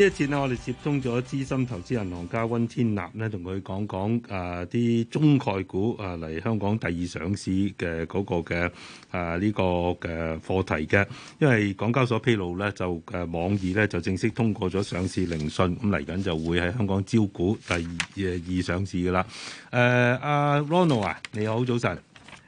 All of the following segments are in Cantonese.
呢一次我哋接通咗資深投資銀行家溫天納咧，同佢講講誒啲中概股誒嚟香港第二上市嘅嗰個嘅誒呢個嘅課題嘅。因為港交所披露咧，就誒網易咧就正式通過咗上市聆訊，咁嚟緊就會喺香港招股第二誒二上市噶啦。誒，阿 Ronald 啊，你好，早晨，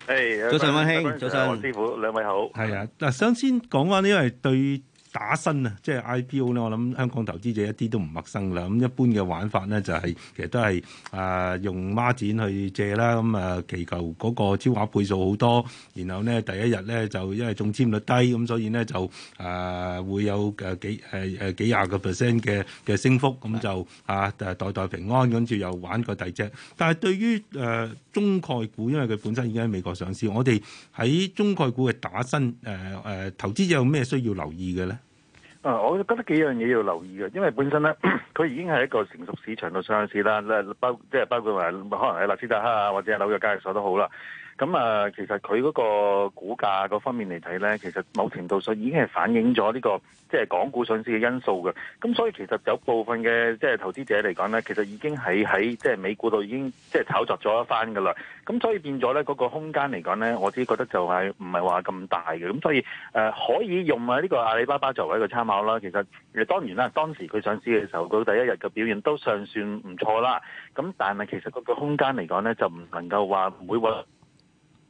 誒、hey, 早晨溫馨，早晨師傅，兩位好。係啊，嗱，先講翻，因為對。打新啊，即、就、係、是、IPO 咧，我諗香港投資者一啲都唔陌生噶啦。咁一般嘅玩法咧就係、是，其實都係誒、呃、用孖展去借啦。咁、呃、啊，祈求嗰個超額倍數好多，然後咧第一日咧就因為中籤率低，咁所以咧就誒、呃、會有誒幾誒誒、呃、幾廿個 percent 嘅嘅升幅，咁就啊、呃、代代平安，跟住又玩過第二隻。但係對於誒、呃、中概股，因為佢本身已經喺美國上市，我哋喺中概股嘅打新誒誒、呃、投資者有咩需要留意嘅咧？啊、嗯！我覺得幾樣嘢要留意嘅，因為本身咧，佢已經係一個成熟市場嘅上市啦，咧包即係包括埋可能係納斯達克啊，或者係紐約交易所都好啦。咁啊、呃，其實佢嗰個股價嗰方面嚟睇咧，其實某程度上已經係反映咗呢、這個即係、就是、港股上市嘅因素嘅。咁所以其實有部分嘅即係投資者嚟講咧，其實已經係喺即係美股度已經即係、就是、炒作咗一番㗎啦。咁所以變咗咧嗰個空間嚟講咧，我自己覺得就係唔係話咁大嘅。咁所以誒、呃、可以用啊呢個阿里巴巴作為一個參考啦。其實當然啦，當時佢上市嘅時候，佢第一日嘅表現都尚算唔錯啦。咁但係其實嗰個空間嚟講咧，就唔能夠話唔會話，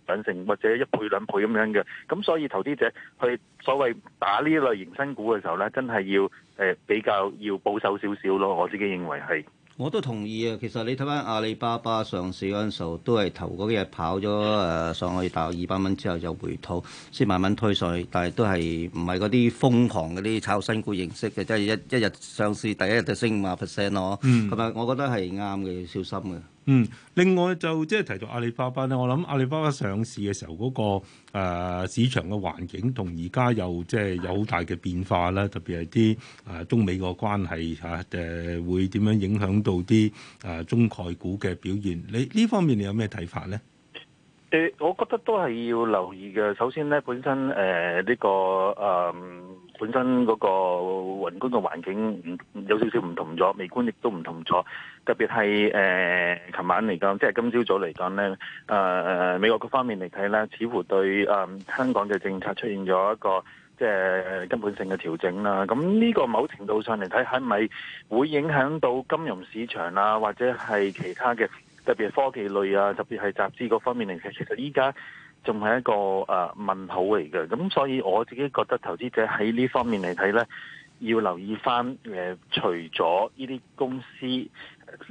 兩成或者一倍兩倍咁樣嘅，咁所以投資者去所謂打呢類型新股嘅時候咧，真係要誒、呃、比較要保守少少咯。我自己認為係。我都同意啊。其實你睇翻阿里巴巴上市嗰陣時候，都係頭嗰日跑咗誒、嗯、上去大二百蚊之後就，又回吐，先慢慢推上去。但係都係唔係嗰啲瘋狂嗰啲炒新股形式嘅，即係一一日上市第一日就升五啊 percent 咯。嗯，同埋我覺得係啱嘅，要小心嘅。嗯，另外就即係提到阿里巴巴咧，我諗阿里巴巴上市嘅時候嗰、那個、啊、市場嘅環境同而家又即係有好大嘅變化啦，特別係啲誒中美個關係嚇誒、啊、會點樣影響到啲誒、啊、中概股嘅表現？你呢方面你有咩睇法咧？誒、欸，我覺得都係要留意嘅。首先咧，本身誒呢、呃這個誒。呃本身嗰個宏觀嘅環境有少少唔同咗，微觀亦都唔同咗。特別係誒，琴、呃、晚嚟講，即係今朝早嚟講呢，誒、呃、誒，美國各方面嚟睇呢，似乎對誒、呃、香港嘅政策出現咗一個即係根本性嘅調整啦。咁呢個某程度上嚟睇，係咪會影響到金融市場啊，或者係其他嘅特別係科技類啊，特別係集資嗰方面嚟睇，其實依家。仲係一個誒、呃、問號嚟嘅，咁所以我自己覺得投資者喺呢方面嚟睇呢，要留意返誒、呃，除咗呢啲公司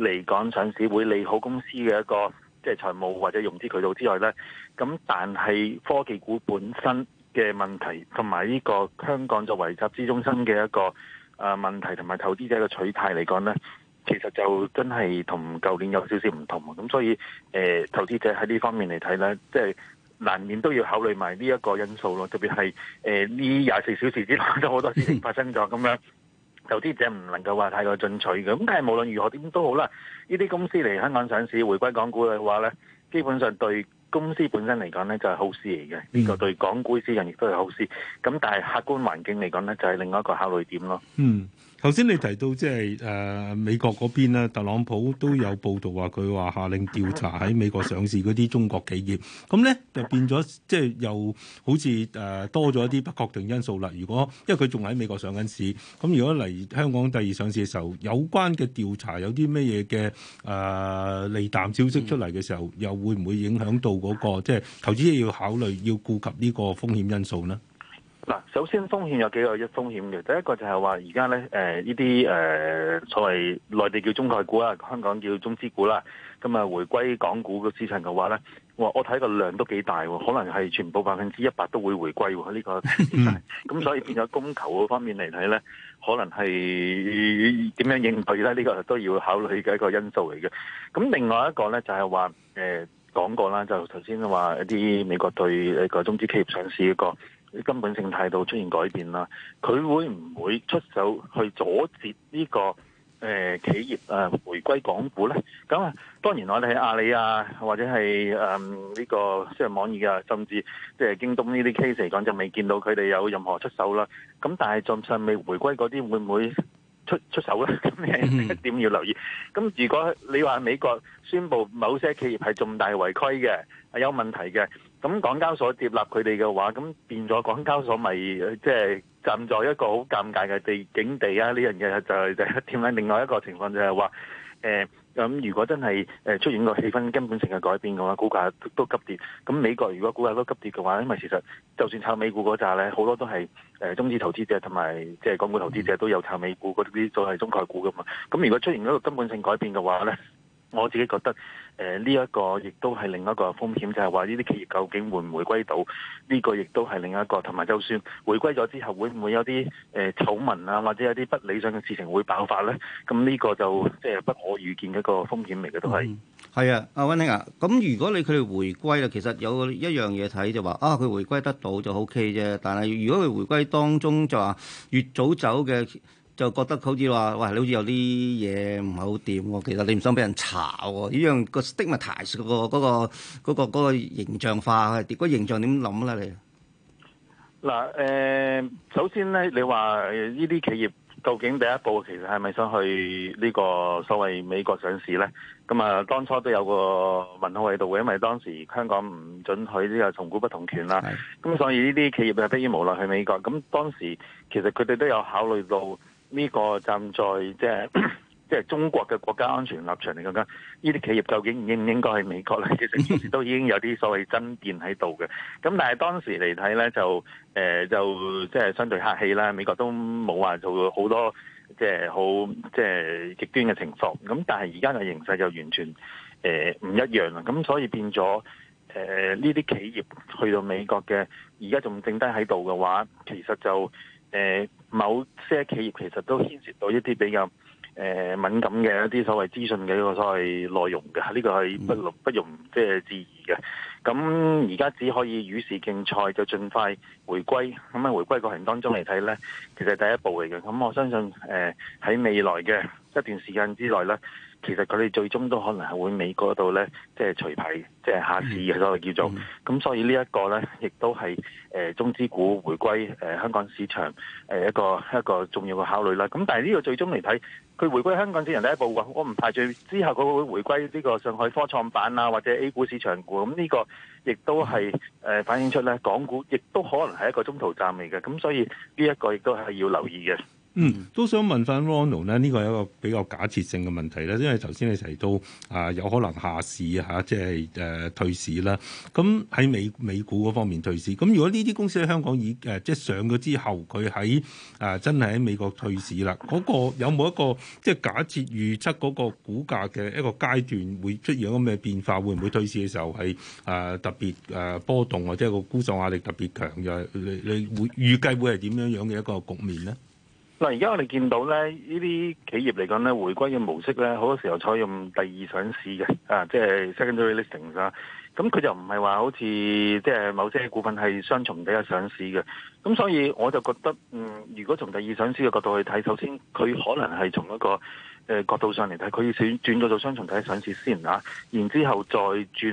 嚟講上市會利好公司嘅一個即係財務或者融資渠道之外呢。咁但係科技股本身嘅問題同埋呢個香港作為集資中心嘅一個誒、呃、問題同埋投資者嘅取態嚟講呢，其實就真係同舊年有少少唔同。咁所以誒、呃，投資者喺呢方面嚟睇呢，即係。難免都要考慮埋呢一個因素咯，特別係誒呢廿四小時之內都，都好多事情發生咗，咁樣投資者唔能夠話太過進取嘅。咁但係無論如何點都好啦，呢啲公司嚟香港上市、回歸港股嘅話咧，基本上對。公司本身嚟講呢，就係、是、好事嚟嘅，呢個對港股持有人亦都係好事。咁但係客觀環境嚟講呢，就係、是、另外一個考慮點咯。嗯，頭先你提到即係誒美國嗰邊啦，特朗普都有報道話，佢話下令調查喺美國上市嗰啲中國企業，咁呢就變咗即係又好似誒、呃、多咗一啲不確定因素啦。如果因為佢仲喺美國上緊市，咁如果嚟香港第二上市嘅時候，有關嘅調查有啲咩嘢嘅誒利淡消息出嚟嘅時候，又會唔會影響到？嗰、那個即係投資者要考慮、要顧及呢個風險因素啦。嗱，首先風險有幾個風險嘅，第一個就係話而家咧，誒呢啲誒所謂內地叫中概股啦，香港叫中資股啦，咁啊回歸港股嘅市場嘅話咧，我我睇個量都幾大喎，可能係全部百分之一百都會回歸喎呢、這個，咁 所以變咗供求嗰方面嚟睇咧，可能係點樣應對咧？呢、這個都要考慮嘅一個因素嚟嘅。咁另外一個咧就係話誒。呃講過啦，就頭先話一啲美國對呢個中資企業上市一個啲根本性態度出現改變啦，佢會唔會出手去阻截呢個誒企業誒回歸港股呢？咁啊，當然我哋喺阿里啊，或者係誒呢個即係網易啊，甚至即係京東呢啲 case 嚟講，就未見到佢哋有任何出手啦。咁但係仲剩未回歸嗰啲，會唔會？出出手啦，咁一點要留意。咁 如果你話美國宣布某些企業係重大違規嘅、係有問題嘅，咁港交所接納佢哋嘅話，咁變咗港交所咪即係站在一個好尷尬嘅地境地啊！呢樣嘢就係點解？就係就係，另外一個情況就係、係，話，呃咁、嗯、如果真係出現個氣氛根本性嘅改變嘅話，股價都，都急跌。咁美國如果股價都急跌嘅話，因為其實就算炒美股嗰扎咧，好多都係、呃、中資投資者同埋即係港股投資者都有炒美股嗰啲，都係中概股噶嘛。咁如果出現一個根本性改變嘅話咧，我自己覺得。誒呢一個亦都係另一個風險，就係話呢啲企業究竟會唔會歸到呢、這個？亦都係另一個，同埋就算迴歸咗之後，會唔會有啲誒醜聞啊，或者有啲不理想嘅事情會爆發呢？咁呢個就即係不可預見嘅一個風險嚟嘅，都係。係、嗯、啊，阿温馨啊，咁如果你佢哋回歸啦，其實有一樣嘢睇就話啊，佢回歸得到就 OK 啫。但係如果佢回歸當中就話越早走嘅。就覺得好似話，哇！你好似有啲嘢唔係好掂喎。其實你唔想俾人查喎，依樣個 dimension 嗰個嗰個嗰個嗰個形象化，個形象點諗啦？你嗱誒，首先咧，你話依啲企業究竟第一步其實係咪想去呢個所謂美國上市咧？咁啊，當初都有個問號喺度嘅，因為當時香港唔準許呢個同股不同權啦，咁所以依啲企業就，迫於無奈去美國。咁當時其實佢哋都有考慮到。呢、這個站在即係即係中國嘅國家安全立場嚟講呢，呢啲企業究竟應唔應該喺美國咧？其實都已經有啲所謂爭辯喺度嘅。咁但係當時嚟睇咧，就誒、呃、就即係、就是、相對客氣啦。美國都冇話做到好多即係好即係極端嘅情況。咁但係而家嘅形勢就完全誒唔、呃、一樣啦。咁所以變咗誒呢啲企業去到美國嘅，而家仲剩低喺度嘅話，其實就～誒某些企業其實都牽涉到一啲比較誒、呃、敏感嘅一啲所謂資訊嘅一個所謂內容嘅，呢、這個係不，不容不容即係置疑嘅。咁而家只可以與時競賽，就盡快回歸。咁、嗯、喺回歸過程當中嚟睇咧，其實係第一步嚟嘅。咁、嗯、我相信誒喺、呃、未來嘅一段時間之內咧。其實佢哋最終都可能係會美國度咧，即係除牌，即係下市所謂叫做。咁、嗯、所以這個呢一個咧，亦都係誒、呃、中資股回歸誒、呃、香港市場誒、呃、一個一個重要嘅考慮啦。咁但係呢個最終嚟睇，佢回歸香港只係第一步喎。我唔排除之後佢會回歸呢個上海科創板啊，或者 A 股市場股。咁呢個亦都係誒、呃、反映出咧，港股亦都可能係一個中途站嚟嘅。咁所以呢一個亦都係要留意嘅。嗯，都想問翻 Ronald 咧，呢、這個一個比較假設性嘅問題呢，因為頭先你提到啊、呃，有可能下市、啊、即係、呃、退市啦。咁喺美美股嗰方面退市，咁如果呢啲公司喺香港已誒、呃、即係上咗之後，佢喺、呃、真係喺美國退市啦。嗰、那個有冇一個即係假設預測嗰個股價嘅一個階段會出現咗一個咩變化？會唔會退市嘅時候係、呃、特別、呃、波動，或者個沽售壓力特別強？又你你會預計會係點樣樣嘅一個局面咧？嗱，而家我哋見到咧，呢啲企業嚟講咧，回歸嘅模式咧，好多時候採用第二上市嘅，啊，即係 secondary listing 啊。咁、嗯、佢就唔係話好似即係某些股份係雙重第一上市嘅。咁、嗯、所以我就覺得，嗯，如果從第二上市嘅角度去睇，首先佢可能係從一個、呃、角度上嚟睇，佢要轉轉咗做雙重第一上市先啊。然之後再轉去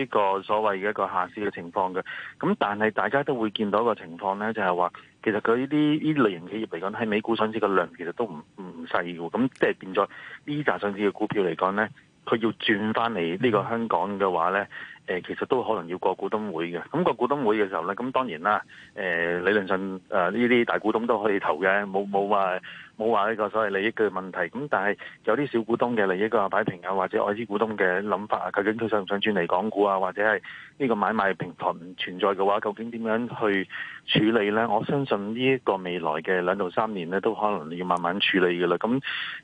呢個所謂嘅一個下市嘅情況嘅。咁、嗯、但係大家都會見到一個情況咧，就係話。其實佢呢啲呢類型企業嚟講，喺美股上市嘅量其實都唔唔細嘅，咁即係變咗呢紮上市嘅股票嚟講咧，佢要轉翻嚟呢個香港嘅話咧。嗯誒，其實都可能要過股東會嘅。咁過股東會嘅時候咧，咁當然啦。誒、呃，理論上誒呢啲大股東都可以投嘅，冇冇話冇話呢個所謂利益嘅問題。咁但係有啲小股東嘅利益個擺平啊，或者外資股東嘅諗法啊，究竟佢想唔想轉嚟港股啊，或者係呢個買賣平台唔存在嘅話，究竟點樣去處理咧？我相信呢一個未來嘅兩到三年咧，都可能要慢慢處理嘅啦。咁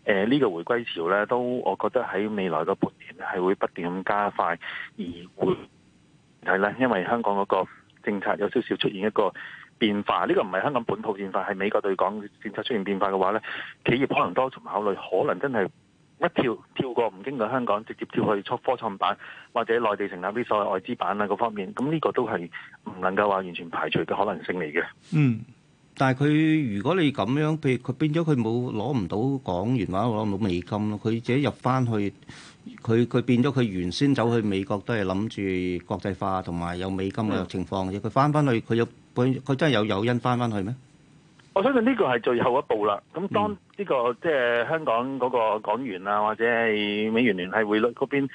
誒呢個回歸潮咧，都我覺得喺未來個半年係會不斷咁加快而。係啦，因為香港嗰個政策有少少出現一個變化，呢個唔係香港本土變化，係美國對港政策出現變化嘅話咧，企業可能多重考慮，可能真係一跳跳過唔經過香港，直接跳去科創板或者內地成立啲所謂外資板啊嗰方面，咁呢個都係唔能夠話完全排除嘅可能性嚟嘅。嗯。但係佢如果你咁樣，譬如佢變咗佢冇攞唔到港元，或者攞唔到美金咯，佢自己入翻去，佢佢變咗佢原先走去美國都係諗住國際化同埋有美金嘅情況嘅，佢翻翻去佢有本，佢真係有誘因翻翻去咩？我相信呢個係最後一步啦。咁當呢、呢個、嗯、即係香港嗰個港元啊，或者係美元聯繫匯率嗰邊。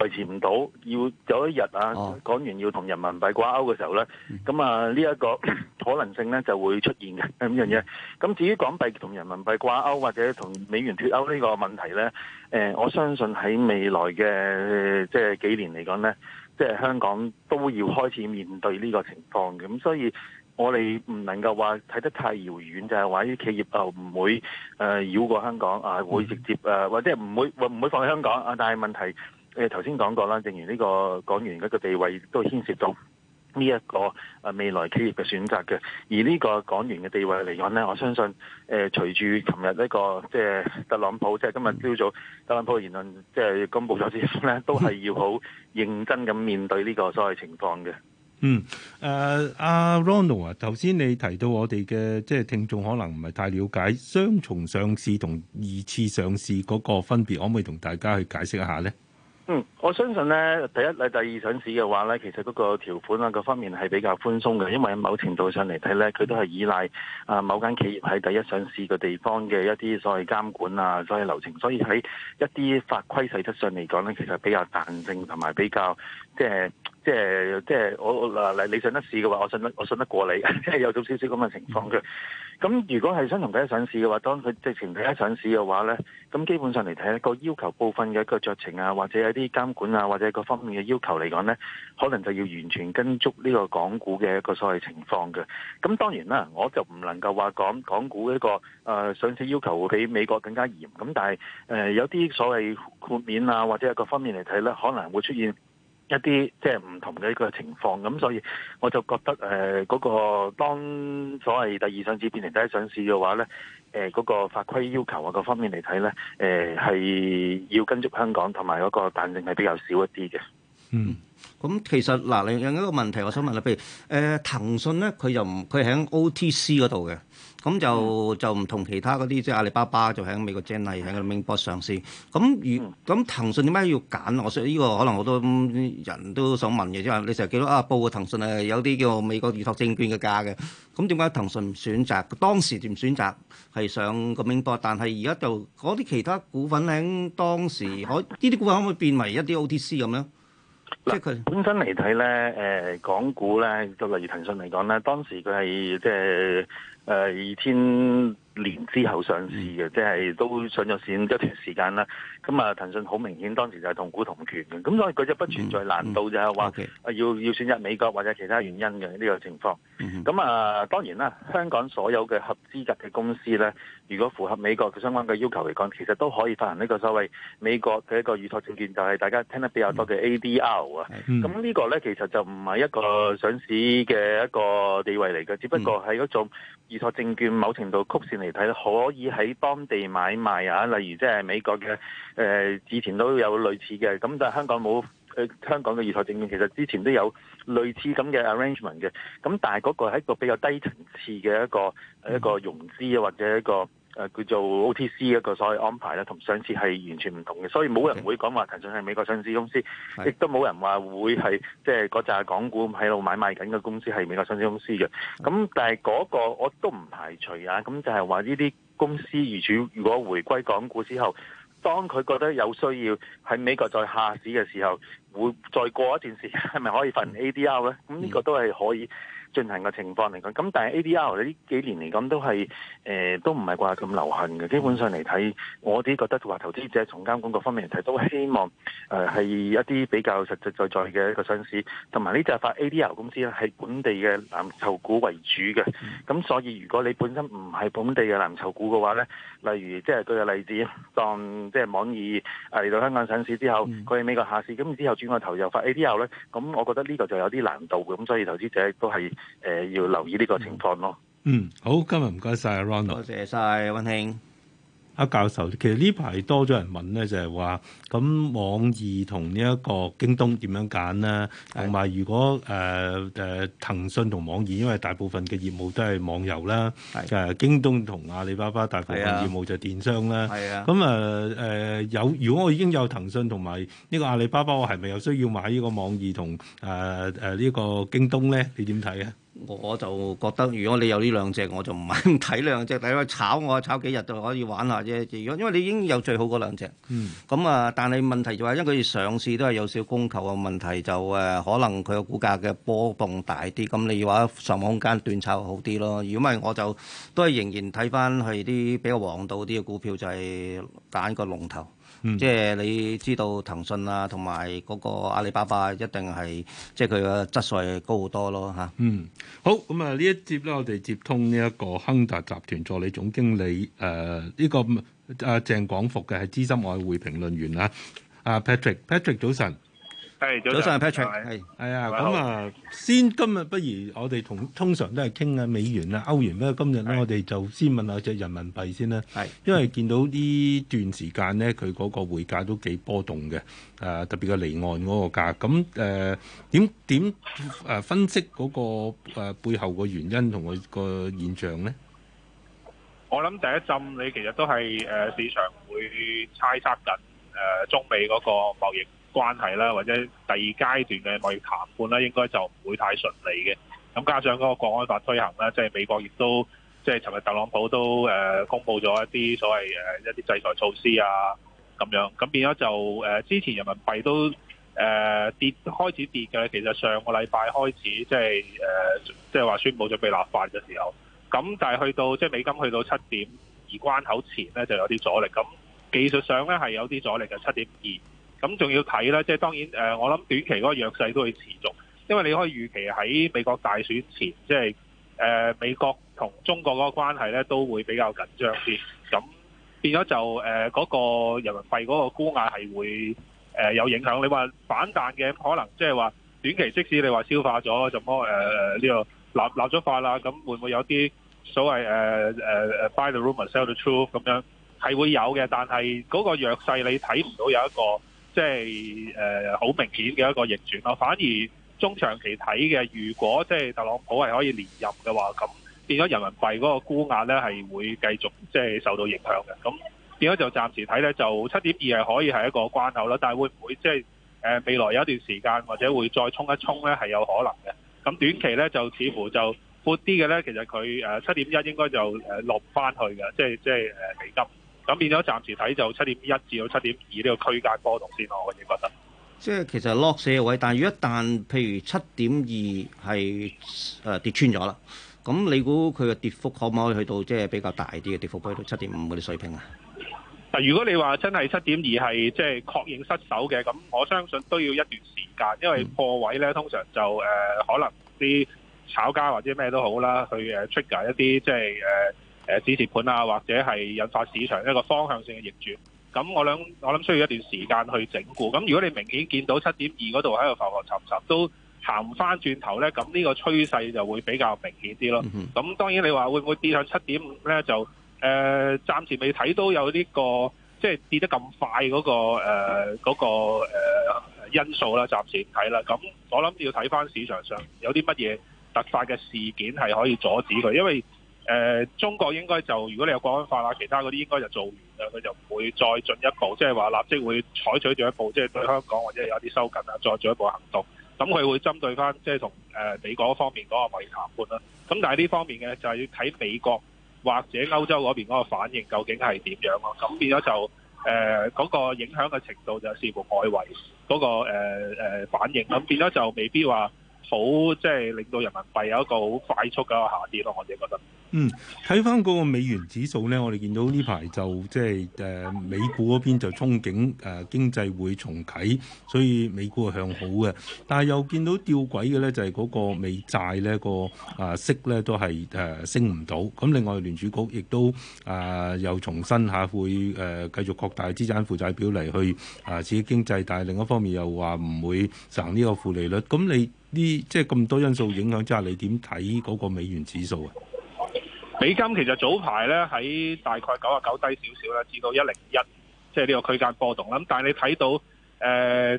維持唔到，要有一日啊，港元要同人民幣掛鈎嘅時候咧，咁啊呢一個可能性咧就會出現嘅咁樣嘢。咁至於港幣同人民幣掛鈎或者同美元脱鈎呢個問題咧，誒，我相信喺未來嘅即係幾年嚟，講咧，即係香港都要開始面對呢個情況嘅。咁所以我哋唔能夠話睇得太遙遠，就係話啲企業啊唔會誒繞過香港啊，會直接誒或者唔會唔會放喺香港啊，但係問題。誒頭先講過啦，正如呢個港元嗰個地位都牽涉到呢一個誒未來企業嘅選擇嘅。而呢個港元嘅地位嚟講呢，我相信誒隨住琴日呢個即係特朗普，即係今日朝早特朗普言論，即係公布咗之後呢，都係要好認真咁面對呢個所謂情況嘅。嗯誒，阿 Ronald 啊，頭先你提到我哋嘅即係聽眾可能唔係太了解雙重上市同二次上市嗰個分別，可唔可以同大家去解釋一下呢？嗯，我相信咧，第一、第二上市嘅話咧，其實嗰個條款啊，各方面係比較寬鬆嘅，因為喺某程度上嚟睇咧，佢都係依賴啊某間企業喺第一上市嘅地方嘅一啲所謂監管啊，所謂流程，所以喺一啲法規細則上嚟講咧，其實比較彈性同埋比較。即係即係即係我嗱，你信得市嘅話，我信得我信得過你，即 係有種少少咁嘅情況嘅。咁如果係想同佢一上市嘅話，當佢直情睇一上市嘅話咧，咁基本上嚟睇一個要求部分嘅一個酌情啊，或者一啲監管啊，或者各方面嘅要求嚟講咧，可能就要完全跟足呢個港股嘅一個所謂情況嘅。咁當然啦，我就唔能夠話港港股一個誒、呃、上市要求會比美國更加嚴。咁但係誒、呃、有啲所謂豁免啊，或者各方面嚟睇咧，可能會出現。一啲即係唔同嘅一個情況，咁所以我就覺得誒嗰、呃嗰個當所謂第二上市變成第一上市嘅話咧，誒、呃、嗰、嗰個法規要求啊，各方面嚟睇咧，誒、呃、係要跟足香港，同埋嗰個彈性係比較少一啲嘅。嗯，咁其實嗱另、呃、一個問題，我想問啦，譬如誒、呃、騰訊咧，佢又唔佢喺 OTC 嗰度嘅。咁就就唔同其他嗰啲，即係阿里巴巴就喺美國 Jenny 喺個 Mainboard 上市。咁如咁騰訊點解要揀？我想呢個可能好多人都想問嘅，即係你成日見到啊報嘅騰訊係有啲叫美國預託證券嘅價嘅。咁點解騰訊唔選擇當時唔選擇係上個 Mainboard？但係而家就嗰啲其他股份喺當時可呢啲股份可唔可以變為一啲 OTC 咁咧？即係佢本身嚟睇咧，誒港股咧，就例如騰訊嚟講咧，當時佢係即係。誒二千年之後上市嘅，嗯，即係都上咗線一段時間啦。咁、嗯、啊，騰訊好明顯當時就係同股同權嘅，咁、嗯嗯、所以佢就不存在難度就係話要、嗯 okay. 要選擇美國或者其他原因嘅呢，呢個情況。咁、嗯嗯、啊，當然啦，香港所有嘅合資格嘅公司呢，如果符合美國嘅相關嘅要求嚟講，其實都可以發行呢個所謂美國嘅一個預託證券，就係、是、大家聽得比較多嘅 ADR、嗯嗯、啊。咁、嗯、呢個呢，其實就唔係一個上市嘅一個地位嚟嘅，只不過係一種在證券某程度曲線嚟睇，可以喺當地買賣啊。例如即係美國嘅誒、呃，之前都有類似嘅，咁但係香港冇誒、呃、香港嘅二套證券，其實之前都有類似咁嘅 arrangement 嘅。咁但係嗰個係一個比較低層次嘅一個一個融資啊，或者一個。誒、呃、叫做 OTC 一個所謂安排啦，同上次係完全唔同嘅，所以冇人會講話騰訊係美國上市公司，亦、yes. 都冇人話會係即係嗰扎港股喺度買賣緊嘅公司係美國上市公司嘅。咁但係嗰個我都唔排除啊。咁就係話呢啲公司如主如果回歸港股之後，當佢覺得有需要喺美國再下市嘅時候，會再過一段時間係咪可以份 ADR 咧？咁呢個都係可以。進行嘅情況嚟講，咁但係 ADR 呢幾年嚟講都係誒、呃、都唔係話咁流行嘅。基本上嚟睇，我哋覺得話投資者從監管各方面嚟睇都希望誒係、呃、一啲比較實實在在嘅一個上市，同埋呢隻發 ADR 公司咧係本地嘅藍籌股為主嘅。咁所以如果你本身唔係本地嘅藍籌股嘅話呢，例如即係舉個例子，當即係網易嚟到香港上市之後，佢喺美國下市，咁之後轉個頭又發 ADR 咧，咁我覺得呢度就有啲難度。咁所以投資者都係。誒、呃、要留意呢個情況咯。嗯，好，今日唔該曬，Ronald，多謝曬，温興。教授，其實呢排多咗人問咧，就係話咁網易同呢一個京東點樣揀呢？同埋如果誒誒、呃、騰訊同網易，因為大部分嘅業務都係網遊啦、呃，京東同阿里巴巴大部分業務就係電商啦。咁有、呃呃，如果我已經有騰訊同埋呢個阿里巴巴，我係咪有需要買呢個網易同誒誒呢個京東咧？你點睇啊？我就覺得，如果你有呢兩隻，我就唔係咁睇。兩隻，你去炒我炒幾日就可以玩一下啫。如果因為你已經有最好嗰兩隻，咁啊，但係問題就係、是、因為佢上市都係有少供求嘅問題，就誒可能佢個股價嘅波動大啲。咁你話上網空間斷炒好啲咯？如果唔係，我就都係仍然睇翻係啲比較王道啲嘅股票，就係、是、揀個龍頭。嗯，即係你知道騰訊啊，同埋嗰個阿里巴巴一定係，即係佢個質素係高好多咯吓，嗯，好，咁啊呢一節咧，我哋接通呢一個亨達集團助理總經理，誒、呃、呢、這個阿、啊、鄭廣復嘅係資深外匯評論員啊，阿 Patrick，Patrick 早晨。早晨，Patrick。係係啊，咁啊，先今日不如我哋同通常都係傾下美元啦、歐元咩？今日咧我哋就先問下隻人民幣先啦。係，因為見到呢段時間咧，佢嗰個匯價都幾波動嘅，誒，特別個離岸嗰個價。咁誒，點點誒分析嗰個誒背後個原因同佢個現象咧？我諗第一浸，你其實都係誒市場會猜測緊誒中美嗰個貿易，關係啦，或者第二階段嘅貿易談判啦，應該就唔會太順利嘅。咁加上嗰個國安法推行啦，即係美國亦都，即係尋日特朗普都誒公佈咗一啲所謂一啲制裁措施啊咁樣。咁變咗就誒之前人民幣都誒跌，開始跌嘅。其實上個禮拜開始即係誒即係話宣布準備立法嘅時候，咁但係去到即係美金去到七點二關口前咧就有啲阻力。咁技術上咧係有啲阻力嘅七點二。咁仲要睇咧，即係當然誒，我諗短期嗰個弱勢都會持續，因為你可以預期喺美國大選前，即係誒美國同中國嗰個關係咧都會比較緊張啲，咁變咗就誒嗰個人民幣嗰個沽壓係會、呃、有影響。你話反彈嘅可能即係話短期即使你話消化咗什麼誒呢個立咗法啦，咁會唔會有啲所謂誒誒誒 buy the rumor, sell the truth 咁樣係會有嘅，但係嗰個弱勢你睇唔到有一個。即係誒好明顯嘅一個逆轉咯，反而中長期睇嘅，如果即係特朗普係可以連任嘅話，咁變咗人民幣嗰個沽壓咧係會繼續即係受到影響嘅。咁變咗就暫時睇咧就七點二係可以係一個關口啦，但係會唔會即係誒未來有一段時間或者會再衝一衝咧係有可能嘅。咁短期咧就似乎就闊啲嘅咧，其實佢誒七點一應該就落唔翻去嘅，即係即係誒美金。咁變咗暫時睇就七點一至到七點二呢個區間波動先咯，我哋覺得。即係其實落社位，但係一旦譬如七點二係誒跌穿咗啦，咁你估佢嘅跌幅可唔可以去到即係比較大啲嘅跌幅，去到七點五嗰啲水平啊？但如果你話真係七點二係即係確認失守嘅，咁我相信都要一段時間，因為破位咧通常就誒、呃、可能啲炒家或者咩都好啦，去誒 trigger 一啲即係誒。就是呃誒止蝕盤啊，或者係引發市場一個方向性嘅逆轉。咁我諗，我諗需要一段時間去整固。咁如果你明顯見到七點二嗰度喺度浮浮沉沉，都行翻轉頭呢，咁呢個趨勢就會比較明顯啲咯。咁當然你話會唔會跌向七點五呢？就誒暫時未睇到有呢個即係跌得咁快嗰個誒嗰個誒因素啦。暫時睇啦。咁我諗要睇翻市場上有啲乜嘢突發嘅事件係可以阻止佢，因為。誒、呃、中國應該就如果你有國安法啊，其他嗰啲應該就做完啦，佢就唔會再進一步，即係話立即會採取進一步，即、就、係、是、對香港或者有啲收緊啊，再進一步行動。咁佢會針對翻即係同誒美國方面嗰個維談判啦。咁但係呢方面嘅就係要睇美國或者歐洲嗰邊嗰個反應究竟係點樣咯。咁變咗就誒嗰、呃那個影響嘅程度就視乎外圍嗰、那個誒、呃、反應。咁變咗就未必話。好即係令到人民幣有一個好快速嘅下跌咯，我哋覺得。嗯，睇翻嗰個美元指數咧，我哋見到呢排就即係誒美股嗰邊就憧憬誒、啊、經濟會重啟，所以美股係向好嘅。但係又見到吊詭嘅咧，就係、是、嗰個美債咧個啊息咧都係誒、啊、升唔到。咁另外聯儲局亦都誒、啊、又重新下、啊、會誒繼、啊、續擴大資產負債表嚟，去啊刺激經濟，但係另一方面又話唔會成呢個負利率。咁你？呢即係咁多因素影響之下，你點睇嗰個美元指數啊？美金其實早排咧喺大概九啊九低少少啦，至到一零一，即係呢個區間波動啦。咁但係你睇到誒誒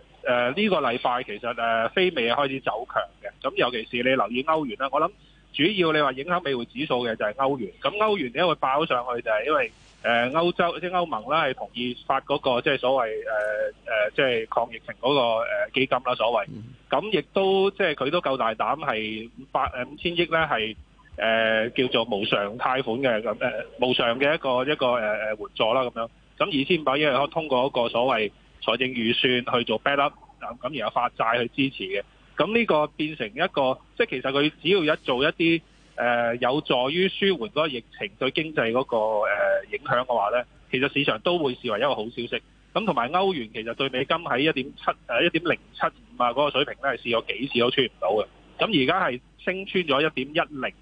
呢個禮拜其實誒、呃、非美開始走強嘅。咁尤其是你留意歐元啦，我諗主要你話影響美匯指數嘅就係歐元。咁歐元點解會爆上去？就係、是、因為誒歐、呃、洲即係歐盟啦，係同意發嗰、那個即係所謂誒誒即係抗疫情嗰個基金啦，所謂。咁亦都即係佢都夠大膽 5, 5,，係五百誒五千億咧係誒叫做無償貸款嘅咁誒無償嘅一個一個誒誒、呃、援助啦咁樣。咁二千五百億係可以通過一個所謂財政預算去做 back up，咁、嗯、而然後發債去支持嘅。咁呢個變成一個即係其實佢只要一做一啲誒、呃、有助於舒緩嗰個疫情對經濟嗰、那個、呃、影響嘅話咧，其實市場都會視為一個好消息。咁同埋歐元其實對美金喺一點七誒一點零七五啊嗰個水平咧係試過幾次都穿唔到嘅，咁而家係升穿咗一點一零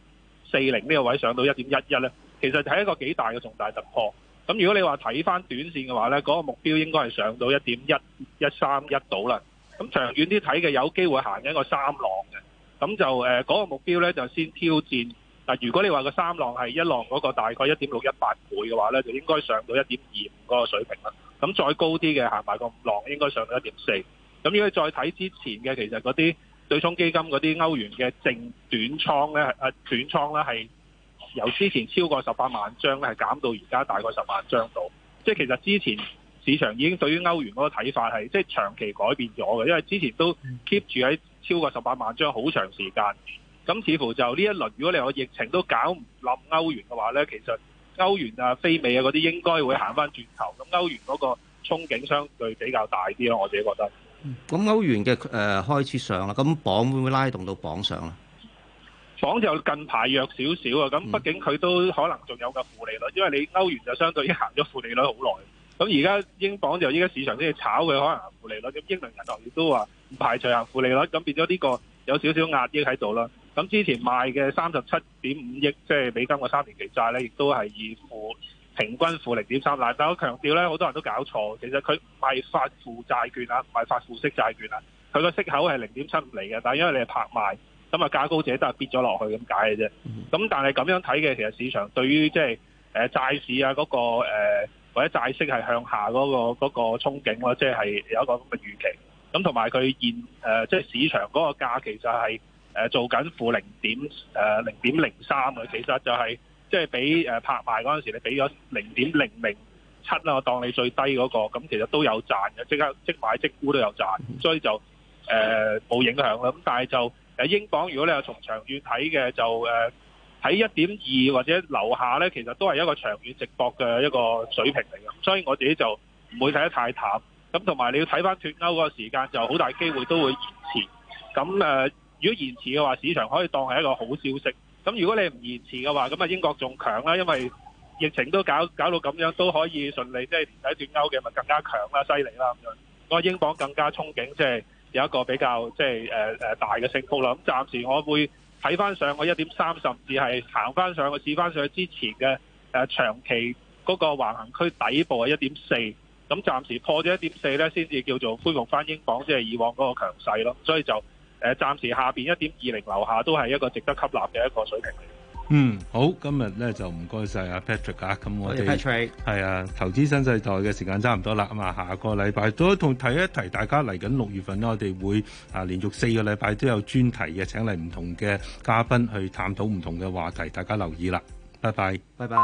四零呢個位上到一點一一咧，其實係一個幾大嘅重大突破。咁如果你話睇翻短線嘅話咧，嗰個目標應該係上到一點一一三一度啦。咁長遠啲睇嘅有機會行緊一個三浪嘅，咁就誒嗰個目標咧就先挑戰嗱。如果你話個三浪係一浪嗰個大概一點六一八倍嘅話咧，就應該上到一點二五嗰個水平啦。咁再高啲嘅行埋個五浪，應該上到一點四。咁如果再睇之前嘅，其實嗰啲對沖基金嗰啲歐元嘅淨短倉咧、啊，短倉咧係由之前超過十八萬張咧，係減到而家大概十萬張度。即係其實之前市場已經對於歐元嗰個睇法係即係長期改變咗嘅，因為之前都 keep 住喺超過十八萬張好長時間。咁似乎就呢一輪，如果你個疫情都搞唔冧歐元嘅話咧，其實。歐元啊、非美啊嗰啲應該會行翻轉頭，咁歐元嗰個憧憬相對比較大啲咯，我自己覺得。咁、嗯、歐元嘅誒、呃、開始上啦，咁鎊會唔會拉動到鎊上咧？鎊就近排弱少少啊，咁畢竟佢都可能仲有個負利率、嗯，因為你歐元就相對於行咗負利率好耐。咁而家英鎊就依家市場都要炒嘅，可能是負利率。咁英倫銀行亦都話唔排除行負利率，咁變咗呢個有少少壓抑喺度啦。咁之前賣嘅三十七點五億即係美金嘅三年期債咧，亦都係以負平均負零點三。但我強調咧，好多人都搞錯，其實佢唔係發負債券噶，唔係發負息債券啊。佢個息口係零點七五厘嘅，但因為你係拍賣，咁啊價高者得，跌咗落去咁解嘅啫。咁但係咁樣睇嘅，其實市場對於即係誒債市啊嗰、嗰個、呃、或者債息係向下嗰、嗰個嗰、嗰個、憧憬啦、啊，即、就、係、是、有一個咁嘅預期。咁同埋佢現即係、呃就是、市場嗰個價其實係。誒做緊負零點誒零點零三啊，其實就係即係俾誒拍賣嗰陣時，你俾咗零點零零七啦，我當你最低嗰、那個，咁其實都有賺嘅，即刻即買即沽都有賺，所以就誒冇、呃、影響啦。咁但係就誒英鎊，如果你係從長遠睇嘅，就誒喺一點二或者樓下呢，其實都係一個長遠值博嘅一個水平嚟嘅。所以我自己就唔會睇得太淡。咁同埋你要睇翻脫歐嗰個時間，就好大機會都會延遲。咁誒。呃如果延遲嘅話，市場可以當係一個好消息。咁如果你唔延遲嘅話，咁啊英國仲強啦，因為疫情都搞搞到咁樣，都可以順利即係唔使斷歐嘅，咪更加強啦、犀利啦咁樣。我英鎊更加憧憬即係、就是、有一個比較即係誒誒大嘅升幅啦。咁暫時我會睇翻上個一點三，甚至係行翻上個試翻上去之前嘅誒長期嗰個橫行區底部係一點四。咁暫時破咗一點四咧，先至叫做恢復翻英鎊即係、就是、以往嗰個強勢咯。所以就。誒，暫時下邊一點二零樓下都係一個值得吸納嘅一個水平。嗯，好，今日咧就唔該晒阿 Patrick 啊，咁我哋 Patrick 係啊，投資新世代嘅時間差唔多啦，啊、嗯、下個禮拜都同提一提，大家嚟緊六月份咧，我哋會啊連續四個禮拜都有專題嘅，請嚟唔同嘅嘉賓去探討唔同嘅話題，大家留意啦，拜拜，拜拜。